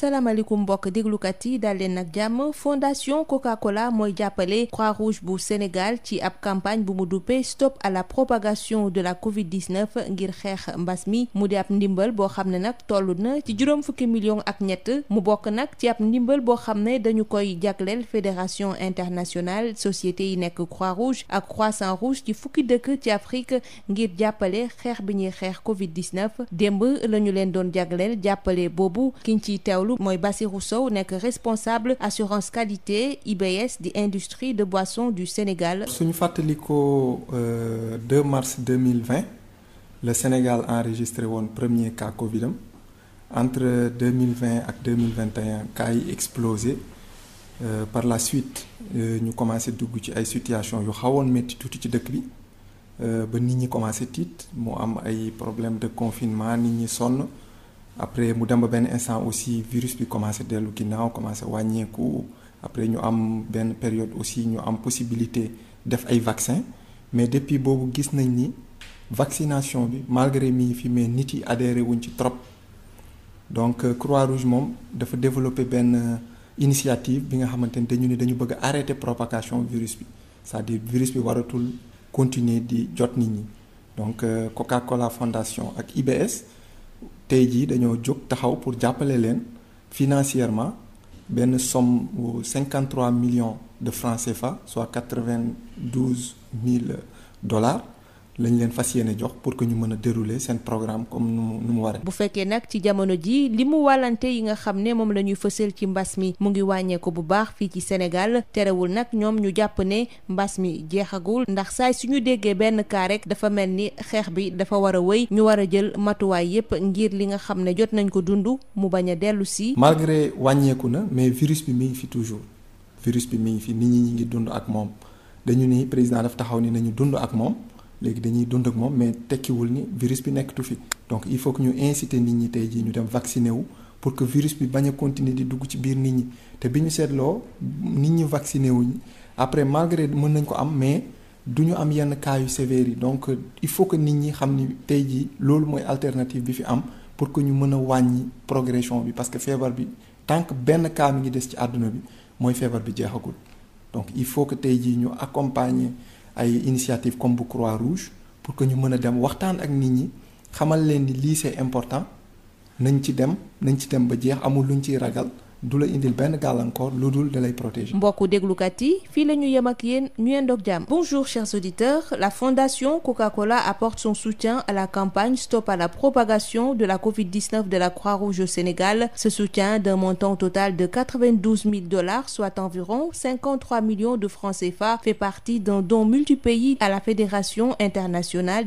salaamaaleykum mbokk déglukat yi daal leen nag jàmm fondation Coca-Cola mooy jàppale Croix-Rouge bu Sénégal ci ab campagne bu mu duppee stop à la propagation de la Covid 19 ngir xeex mbas mi mu di ab ndimbal boo xam ne nag tollu na ci juróom fukki millions ak ñett mu bokk nag ci ab ndimbal boo xam ne dañu koy jagleel fédération internationale société yi nekk Croix-Rouge ak Croissant-Rouge ci fukki dëkk ci Afrique ngir jàppale xeex bi ñuy xeex Covid 19 démb la ñu leen doon jagleel jàppale boobu kiñ ciy teew. teewlu mooy Bassirou Sow nekk responsable assurance qualité IBS di industrie de boisson du Sénégal. suñu fàttalikoo 2 euh, mars 2020 le Sénégal enregistré woon premier cas Covid am entre 2020 ak 2021 cas yi explosé Euh, par la suite euh, ñu commencé dugg ci ay situation yu xawoon métti tuuti ci dëkk bi euh, ba nit ñi commencé tiit moo am ay problème de confinement nit ñi sonn après mu dem ba benn instant aussi virus bi commencé dellu ginnaaw commencé wàññeeku après ñu am benn période aussi ñu am possibilité def ay vaccin mais depuis boobu gis nañ ni vaccination bi malgré mi fi mais nit yi adhéré wuñ ci trop donc euh, Croix-Rouge moom dafa développé benn euh, initiative bi nga xamante ni dañu ni dañu bëgg a arrêter propagation virus bi c'est-à-dire virus bi waratul continuer di jot nit ñi donc euh, Coca-Cola Fondation ak IBS tey jii dañoo jóg taxaw pour jàppale leen financièrement benn somme wu 53 millions de francs CFA soit 92 mille dollars lañ leen fas yéene jox pour que ñu mën a dérouler seen programme comme nu mu nu mu bu fekkee nag ci jamono ji li mu wàllante yi nga xam ne moom la ñuy fësal ci mbas mi mu ngi wàññeeku bu baax fii ci Sénégal terewul nag ñoom ñu jàpp ne mbas mi jeexagul ndax saay suñu déggee benn kaareek dafa mel ni xeex bi dafa war a wëy ñu war a jël matuwaay yépp ngir li nga xam ne jot nañ ko dund mu bañ a dellu si. malgré wàññeeku na mais virus bi mi fi toujours virus bi mi ngi fi nit dund ak moom dañu président daf taxaw ni nañu dund ak moom. léegi dañuy dund ak moom mais tekkiwul ni virus bi nekkatu fi donc il faut que ñu inciter nit ñi tey jii ñu dem vacciner wu pour que virus bi bañ a continuer di dugg ci biir nit ñi te bi ñu seetloo nit ñi vacciner wuñ après malgré mën nañ ko am mais du ñu am yenn cas yu yi donc il faut que nit ñi xam ni tey ji loolu mooy alternative bi fi am pour que ñu mën a wàññi progression bi parce que feebar bi tant que benn cas mi ngi des ci àdduna bi mooy feebar bi jeexagul donc il que tey jii ñu accompagner. ay initiative comme bu Croix-Rouge pour que ñu mën a dem waxtaan ak nit ñi xamal leen ni lii c'est important nañ ci dem nañ ci dem ba jeex amul luñ ciy ragal du la indil lu dul da lay protéger. mbokku déglukat ñu yem ak yéen ñu yendoog jàmm. bonjour chers la fondation Coca-Cola apporte la campagne stop à la propagation de la Covid-19 de la Croix-Rouge au Sénégal ce soutien d'un montant total de 92 000 dollars soit environ de francs CFA fait partie d'un don multipays à la Fédération internationale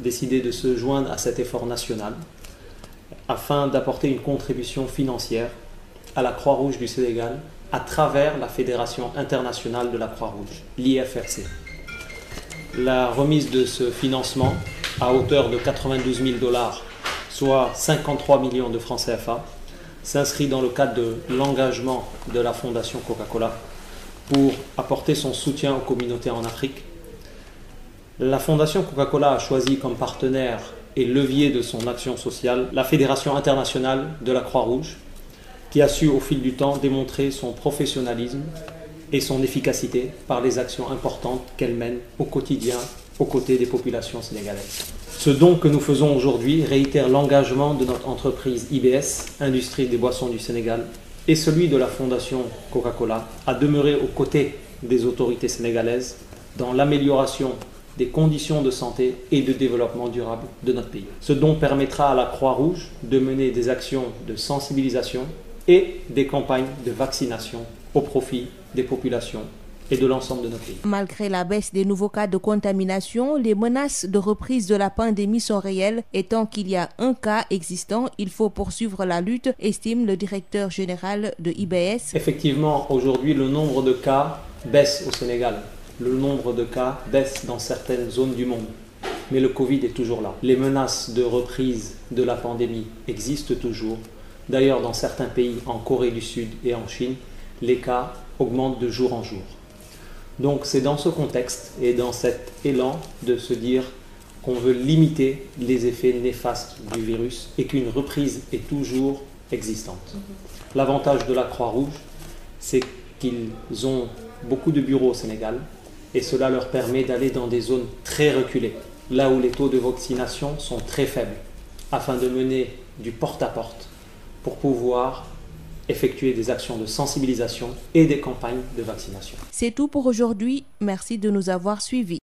décidé de se joindre à cet effort national afin d'apporter une à la Croix-Rouge du Sénégal à Fédération internationale de la Croix-Rouge, l'IFRC. La financement à hauteur de 92 000 dollars, soit 53 millions de francs CFA, s'inscrit dans le de l'engagement de la Fondation Coca-Cola La fondation Coca-Cola a choisi comme partenaire et levier de son action sociale la Fédération internationale de la Croix-Rouge, qui a su au fil du temps démontrer son professionnalisme et son efficacité par les actions importantes qu'elle mène au quotidien aux côtés des populations sénégalaises. Ce don que nous faisons aujourd'hui réitère l'engagement de notre entreprise IBS, Industrie des boissons du Sénégal, et celui de la Fondation Coca-Cola à demeurer aux côtés des autorités sénégalaises dans des conditions de santé et de développement durable de notre pays. Ce don permettra à la Croix-Rouge de mener des actions de sensibilisation et des campagnes de vaccination au profit des populations et de l'ensemble de notre pays. Malgré la baisse des nouveaux cas de contamination, les menaces de reprise de la pandémie sont réelles et tant qu'il y a un cas existant, il faut poursuivre la lutte, estime le directeur général de IBS. Effectivement, aujourd'hui, le nombre de cas le nombre de cas baisse dans certaines zones du monde. Mais le Covid est toujours là. Les menaces de reprise de la pandémie existent toujours. D'ailleurs, dans certains pays, en Corée du Sud et en Chine, les cas augmentent de jour en jour. Donc c'est dans ce contexte et dans cet élan de se dire qu'on veut limiter les effets néfastes du virus et qu'une reprise est toujours existante. L'avantage de la Croix-Rouge, c'est qu'ils ont beaucoup de bureaux au Sénégal, et cela leur permet d'aller dans des zones très reculées, là où les taux de vaccination sont très faibles, afin de mener du porte-à-porte pour pouvoir effectuer des actions de sensibilisation et des campagnes de vaccination. C'est tout pour aujourd'hui. Merci de nous avoir suivis.